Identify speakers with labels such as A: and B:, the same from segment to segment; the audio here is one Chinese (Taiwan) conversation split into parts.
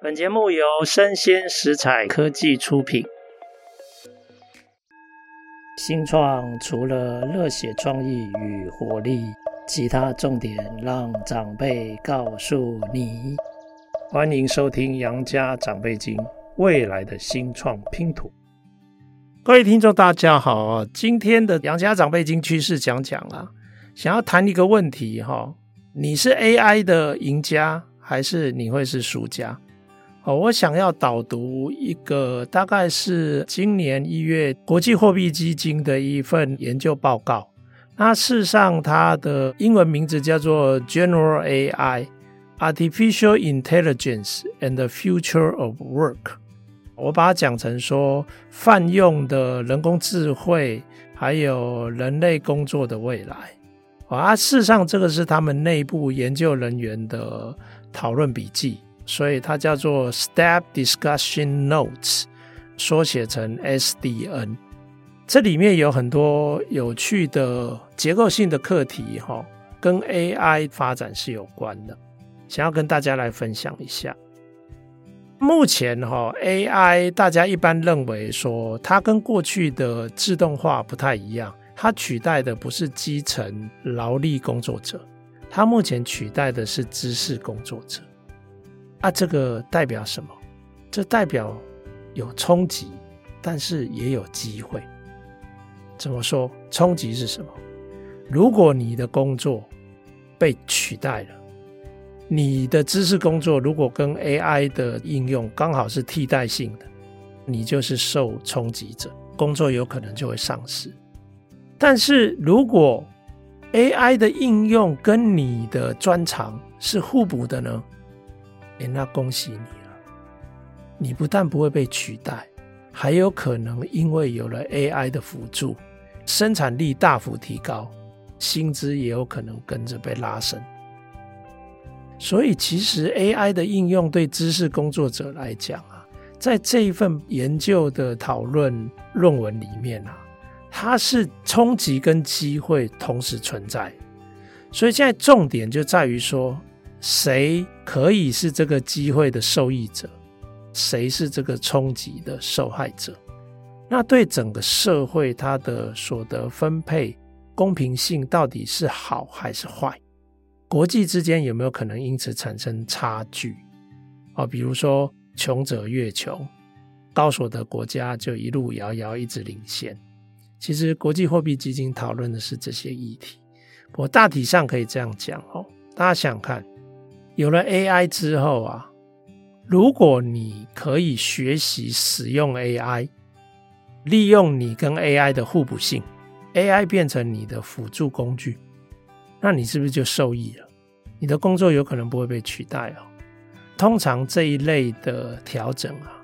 A: 本節目由聲鮮時采科技出品。新創除了熱血創意與活力，其他重點讓長輩告訴你。歡迎收聽《楊家長輩經》，未來的新創拼圖。各位聽眾大家好，今天的《楊家長輩經》趨勢講講啊，想要談一個問題哈，你是 AI 的贏家，還是你會是輸家？我想要導讀一個大概是今年一月國際貨幣基金的一份研究報告。那事實上，它的英文名字叫做 General AI, Artificial Intelligence and the Future of Work。我把它講成說，泛用的人工智慧還有人類工作的未來。啊，事實上，這個是他們內部研究人員的討論筆記。所以它叫做 Staff Discussion Notes，縮寫成 SDN。這裡面有很多有趣的結構性的課題，哈，跟 AI 發展是有關的。想要跟大家來分享一下。目前哈，AI 大家一般認為說，它跟過去的自動化不太一樣，它取代的不是基層勞力工作者，它目前取代的是知識工作者。啊，這個代表什麼？這代表有衝擊，但是也有機會。怎麼說？衝擊是什麼？如果你的工作被取代了，你的知識工作如果跟 AI 的應用剛好是替代性的，你就是受衝擊者，工作有可能就會喪失。但是如果 AI 的應用跟你的專長是互補的呢？哎、欸，那恭喜你了、啊！你不但不會被取代，還有可能因為有了 AI 的輔助，生產力大幅提高，薪資也有可能跟着被拉升。所以，其實 AI 的應用對知識工作者來講啊，在這一份研究的討論論文裡面啊，它是衝擊跟機會同時存在。所以，現在重點就在於說。誰可以是這個機會的受益者，誰是這個衝擊的受害者？那對整個社會，它的所得分配公平性到底是好還是壞？國際之間有沒有可能因此產生差距？哦，比如說窮者越窮，高所得國家就一路遙遙一直領先。其實國際貨幣基金討論的是這些議題。我大體上可以這樣講哦，大家想看。有了 AI 之後啊，如果你可以學習使用 AI，利用你跟 AI 的互補性，AI 變成你的輔助工具，那你是不是就受益了？你的工作有可能不會被取代哦。通常這一類的調整啊，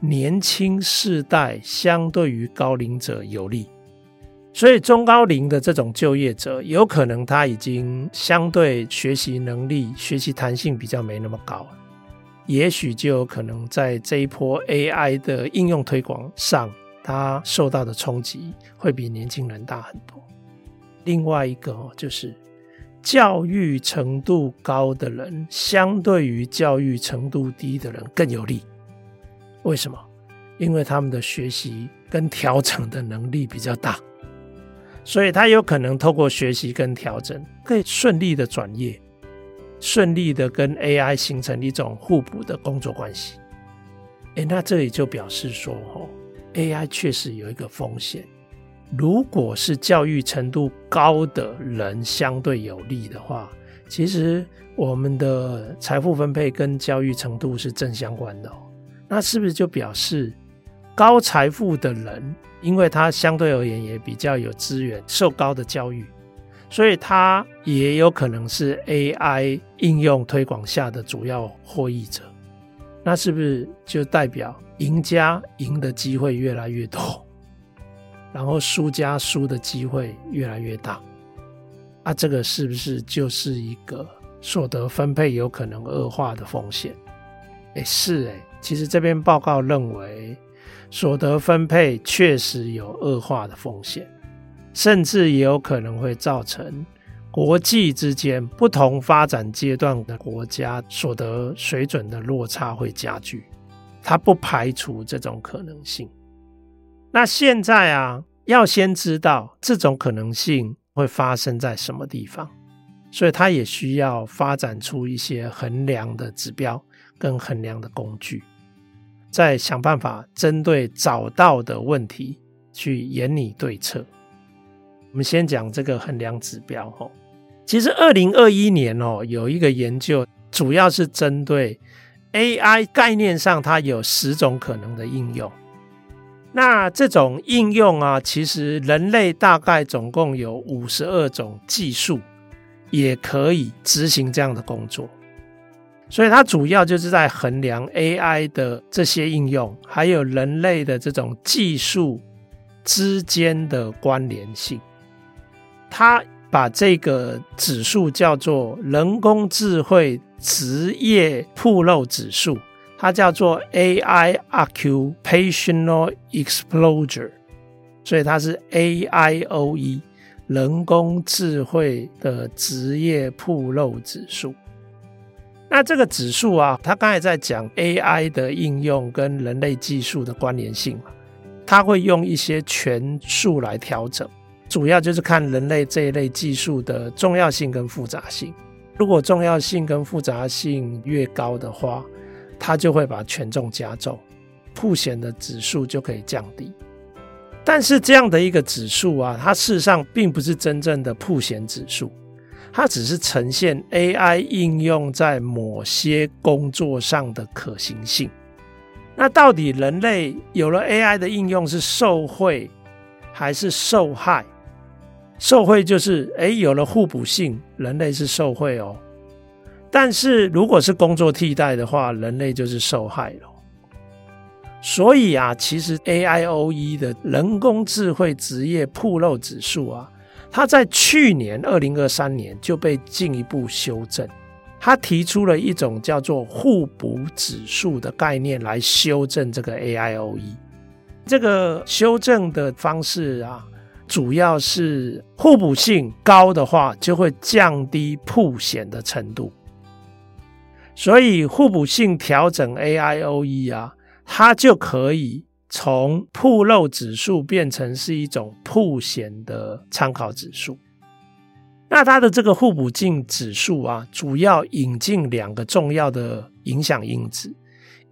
A: 年輕世代相對於高齡者有利。所以，中高齡的這種就業者，有可能他已經相對學習能力、學習彈性比較沒那麼高了，也許就有可能在這一波 AI 的應用推廣上，他受到的衝擊會比年輕人大很多。另外一個哦，就是教育程度高的人，相對於教育程度低的人更有利。為什麼？因為他們的學習跟調整的能力比較大。所以他有可能透過學習跟調整，可以順利的轉業，順利的跟 AI 形成一種互補的工作關係。誒、欸，那這裡就表示說，哦，AI 確實有一個風險。如果是教育程度高的人相對有利的話，其實我們的財富分配跟教育程度是正相關的哦。那是不是就表示？高財富的人，因為他相對而言也比較有資源，受高的教育，所以他也有可能是 AI 應用推廣下的主要獲益者。那是不是就代表贏家贏的機會越來越多，然後輸家輸的機會越來越大？啊，這個是不是就是一個所得分配有可能惡化的風險？誒，是誒，其實這篇報告認為。所得分配確實有惡化的風險，甚至也有可能會造成國際之間不同發展階段的國家所得水準的落差會加劇，它不排除這種可能性。那現在啊，要先知道這種可能性會發生在什麼地方，所以它也需要發展出一些衡量的指標跟衡量的工具。在想辦法針對找到的問題去研擬對策。我們先講這個衡量指標。吼，其實二零二一年哦，有一個研究，主要是針對 AI 概念上，它有十種可能的應用。那這種應用啊，其實人類大概總共有五十二種技術也可以執行這樣的工作。所以它主要就是在衡量 AI 的這些應用，還有人類的這種技術之間的關聯性。它把這個指數叫做“人工智慧職業曝露指數”，它叫做 AI Occupational Exposure，所以它是 AIOE，人工智慧的職業曝露指數。那這個指數啊，他剛才在講 AI 的應用跟人類技術的關聯性嘛，他會用一些權數來調整，主要就是看人類這一類技術的重要性跟複雜性。如果重要性跟複雜性越高的話，它就會把權重加重，曝險的指數就可以降低。但是這樣的一個指數啊，它事實上並不是真正的曝險指數。它只是呈現 AI 應用在某些工作上的可行性。那到底人類有了 AI 的應用是受惠還是受害？受惠就是哎，有了互補性，人類是受惠哦。但是如果是工作替代的話，人類就是受害了。所以啊，其實 AIOE 的人工智慧職業曝露指數啊，他在去年二零二三年就被進一步修正，他提出了一種叫做互補指數的概念來修正這個 AIOE。這個修正的方式啊，主要是互補性高的話，就會降低曝險的程度。所以互補性調整 AIOE 啊，它就可以。從曝露指數變成是一種曝險的參考指數，那它的這個互補性指數啊，主要引進兩個重要的影響因子，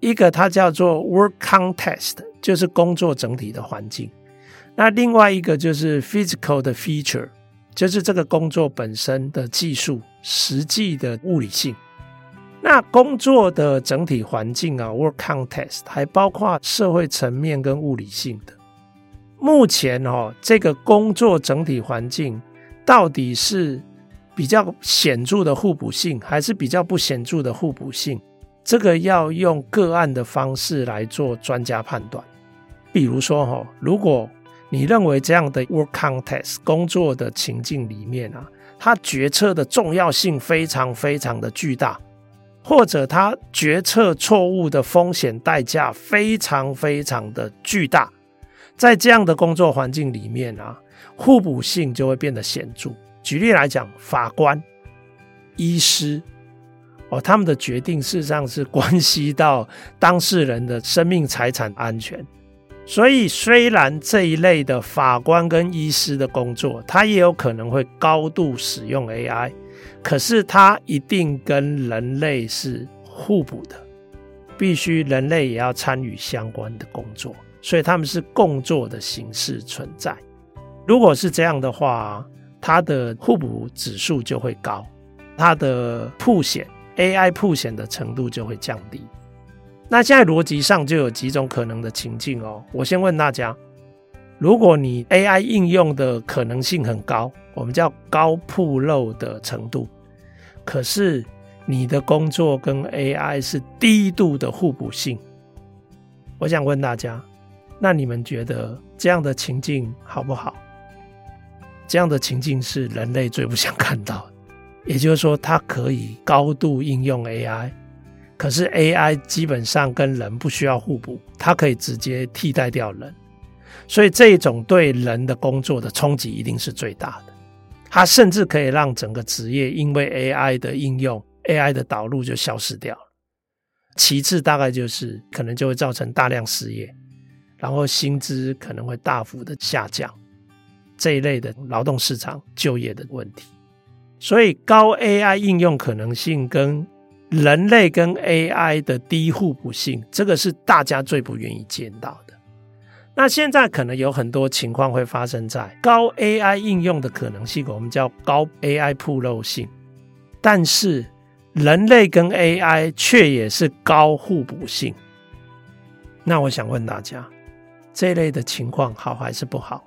A: 一個它叫做 work context，就是工作整體的環境，那另外一個就是 physical 的 feature，就是這個工作本身的技術，實際的物理性。那工作的整體環境啊，work context，還包括社會層面跟物理性的。目前哦，這個工作整體環境到底是比較顯著的互補性，還是比較不顯著的互補性？這個要用個案的方式來做專家判斷。比如說哈、哦，如果你認為這樣的 work context 工作的情境裡面啊，它決策的重要性非常非常的巨大。或者他決策錯誤的風險代價非常非常的巨大，在這樣的工作環境裡面啊，互補性就會變得顯著。舉例來講，法官、醫師，哦，他們的決定事實上是關係到當事人的生命財產安全，所以雖然這一類的法官跟醫師的工作，他也有可能會高度使用 AI。可是它一定跟人類是互補的，必須人類也要參與相關的工作，所以他們是共作的形式存在。如果是這樣的話，它的互補指數就會高，它的曝險 AI 曝險的程度就會降低。那現在邏輯上就有幾種可能的情境哦。我先問大家，如果你 AI 應用的可能性很高，我們叫高曝露的程度，可是你的工作跟 AI 是低度的互補性。我想問大家，那你們覺得這樣的情境好不好？這樣的情境是人類最不想看到的。也就是說，它可以高度應用 AI，可是 AI 基本上跟人不需要互補，它可以直接替代掉人，所以這種對人的工作的衝擊一定是最大的。它甚至可以讓整個職業因為 AI 的應用、AI 的導入就消失掉了。其次，大概就是可能就會造成大量失業，然後薪資可能會大幅的下降，這一類的勞動市場就業的問題。所以，高 AI 應用可能性跟人類跟 AI 的低互補性，這個是大家最不願意見到。那現在可能有很多情況會發生在高 AI 應用的可能性，我們叫高 AI 曝露性。但是人類跟 AI 卻也是高互補性。那我想問大家，這類的情況好還是不好？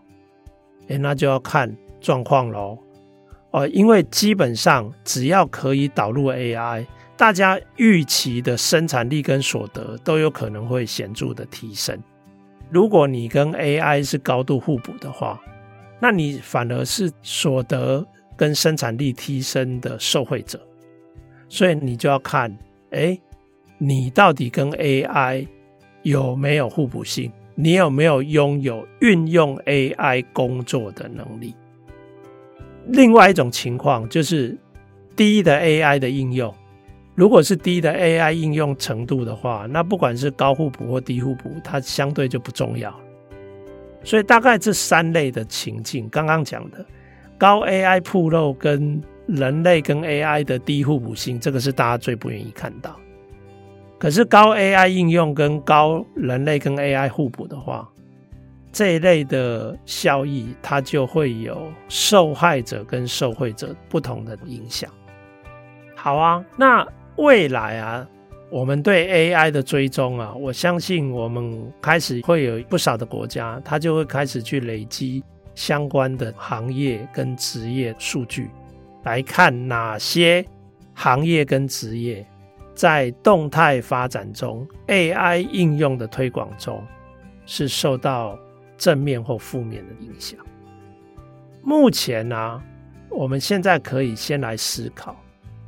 A: 誒，那就要看狀況嘍。哦，因為基本上只要可以導入 AI，大家預期的生產力跟所得都有可能會顯著的提升。如果你跟 AI 是高度互補的話，那你反而是所得跟生產力提升的受惠者，所以你就要看，哎，你到底跟 AI 有沒有互補性？你有沒有擁有運用 AI 工作的能力？另外一種情況就是低的 AI 的應用。如果是低的 AI 應用程度的話，那不管是高互補或低互補，它相對就不重要。所以大概這三類的情境，剛剛講的高 AI 曝露跟人類跟 AI 的低互補性，這個是大家最不願意看到。可是高 AI 應用跟高人類跟 AI 互補的話，這一類的效益，它就會有受害者跟受惠者不同的影響。好啊，那。未來啊，我們對 AI 的追蹤啊，我相信我們開始會有不少的國家，它就會開始去累積相關的行業跟職業數據，來看哪些行業跟職業在動態發展中，AI 應用的推廣中，是受到正面或負面的影響。目前呢、啊，我們現在可以先來思考。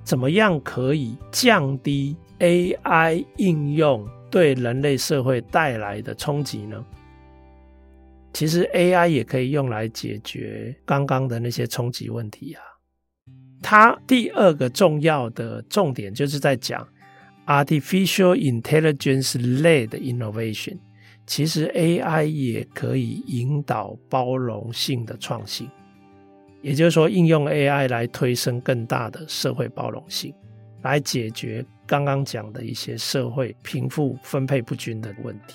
A: 怎麼樣可以降低 AI 應用對人類社會帶來的衝擊呢？其實 AI 也可以用來解決剛剛的那些衝擊問題啊。它第二個重要的重點就是在講 Artificial Intelligence-led Innovation，其實 AI 也可以引導包容性的創新。也就是說，應用 AI 來推升更大的社會包容性，來解決剛剛講的一些社會貧富分配不均的問題。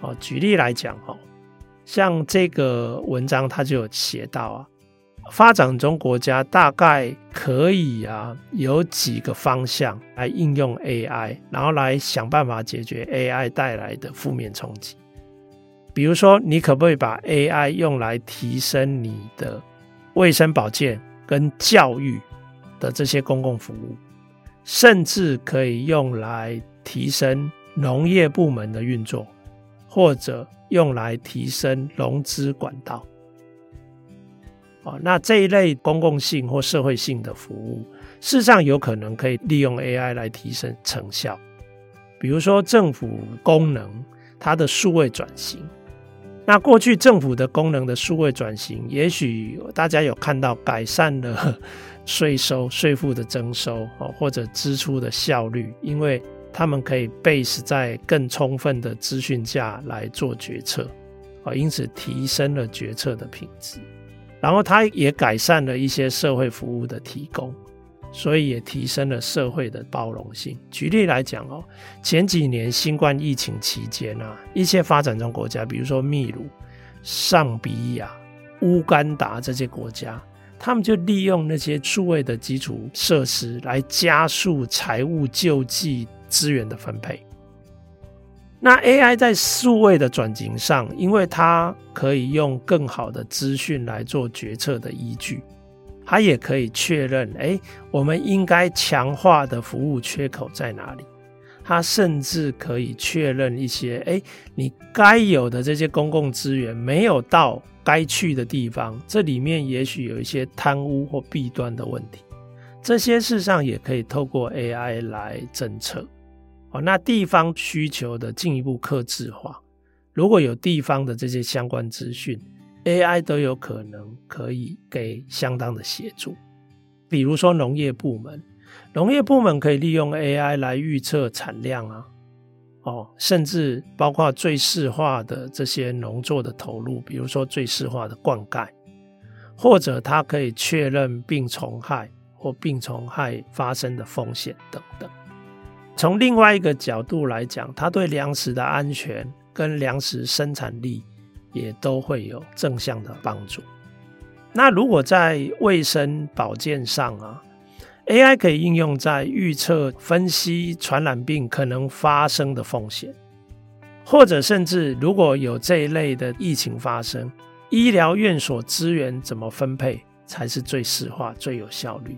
A: 哦，舉例來講，哦，像這個文章它就有寫到啊，發展中國家大概可以啊有幾個方向來應用 AI，然後來想辦法解決 AI 帶來的負面衝擊。比如說，你可不可以把 AI 用來提升你的衛生保健跟教育的這些公共服務，甚至可以用來提升農業部門的運作，或者用來提升融資管道。哦，那這一類公共性或社會性的服務，事實上有可能可以利用 AI 來提升成效。比如說政府功能，它的數位轉型。那過去政府的功能的數位轉型，也許大家有看到改善了稅收稅負的徵收啊，或者支出的效率，因為他們可以 base 在更充分的資訊下來做決策啊，因此提升了決策的品質。然後它也改善了一些社會服務的提供。所以也提升了社會的包容性。舉例來講哦，前幾年新冠疫情期間啊，一些發展中國家，比如說祕魯、尚比亞、烏干達這些國家，他們就利用那些數位的基礎設施來加速財務救濟資源的分配。那 AI 在數位的轉型上，因為它可以用更好的資訊來做決策的依據。它也可以確認，哎、欸，我們應該強化的服務缺口在哪裡？它甚至可以確認一些，哎、欸，你該有的這些公共資源沒有到該去的地方，這裡面也許有一些貪污或弊端的問題。這些事實上也可以透過 AI 來偵測。哦，那地方需求的進一步客製化，如果有地方的這些相關資訊，AI 都有可能可以給相當的協助，比如說農業部門，農業部門可以利用 AI 來預測產量啊，哦，甚至包括最適化的這些農作的投入，比如說最適化的灌溉，或者它可以確認病蟲害或病蟲害發生的風險等等。從另外一個角度來講，它對糧食的安全跟糧食生產力也都會有正向的幫助。那如果在衛生保健上啊，AI 可以應用在預測、分析傳染病可能發生的風險，或者甚至如果有這一類的疫情發生，醫療院所資源怎麼分配才是最優化、最有效率？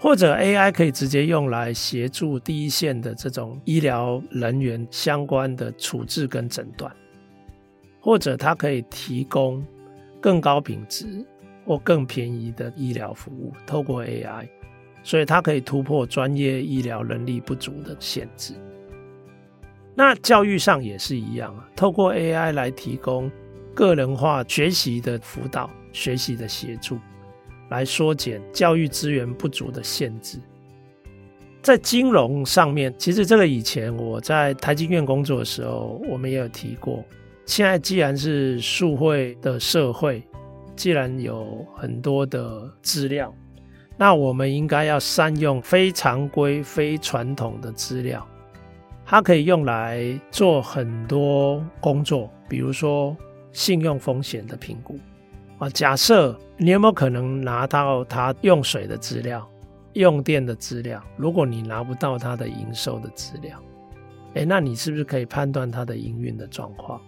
A: 或者 AI 可以直接用來協助第一線的這種醫療人員相關的處置跟診斷。或者它可以提供更高品質或更便宜的醫療服務，透過 AI，所以它可以突破專業醫療能力不足的限制。那教育上也是一樣啊，透過 AI 來提供個人化學習的輔導、學習的協助，來縮減教育資源不足的限制。在金融上面，其實這個以前我在台經院工作的時候，我們也有提過。現在既然是數位的社會，既然有很多的資料，那我們應該要善用非常規、非傳統的資料。它可以用來做很多工作，比如說信用風險的評估。啊，假設你有沒有可能拿到他用水的資料、用電的資料？如果你拿不到他的營收的資料，哎、欸，那你是不是可以判斷他的營運的狀況？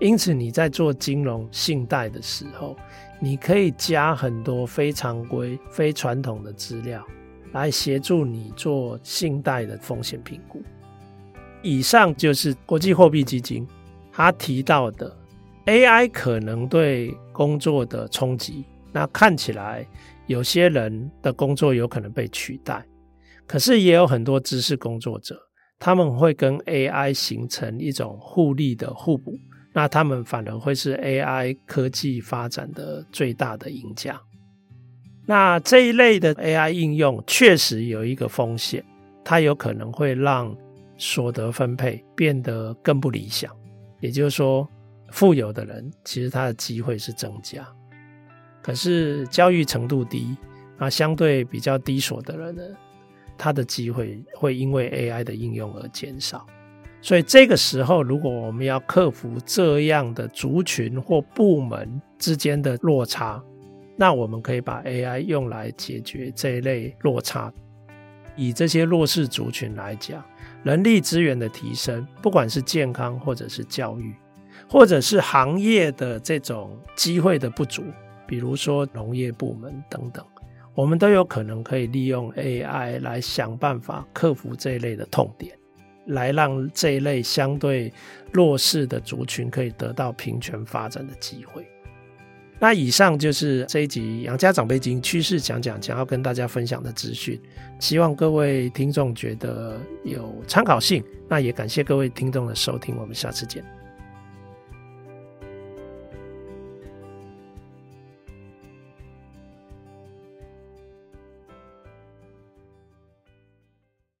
A: 因此，你在做金融信貸的時候，你可以加很多非常規、非傳統的資料，來協助你做信貸的風險評估。以上就是國際貨幣基金他提到的 AI 可能對工作的衝擊。那看起來有些人的工作有可能被取代，可是也有很多知識工作者，他們會跟 AI 形成一種互利的互補。那他們反而會是 AI 科技發展的最大的贏家。那這一類的 AI 應用確實有一個風險，它有可能會讓所得分配變得更不理想。也就是說，富有的人其實他的機會是增加，可是教育程度低、啊相對比較低所得的人呢，他的機會會因為 AI 的應用而減少。所以這個時候，如果我們要克服這樣的族群或部門之間的落差，那我們可以把 AI 用來解決這一類落差。以這些弱勢族群來講，人力資源的提升，不管是健康或者是教育，或者是行業的這種機會的不足，比如說農業部門等等，我們都有可能可以利用 AI 來想辦法克服這一類的痛點。來讓這一類相對弱勢的族群可以得到平權發展的機會。那以上就是這一集楊家長輩經趨勢講講想要跟大家分享的資訊，希望各位聽眾覺得有參考性。那也感謝各位聽眾的收聽，我們下次見。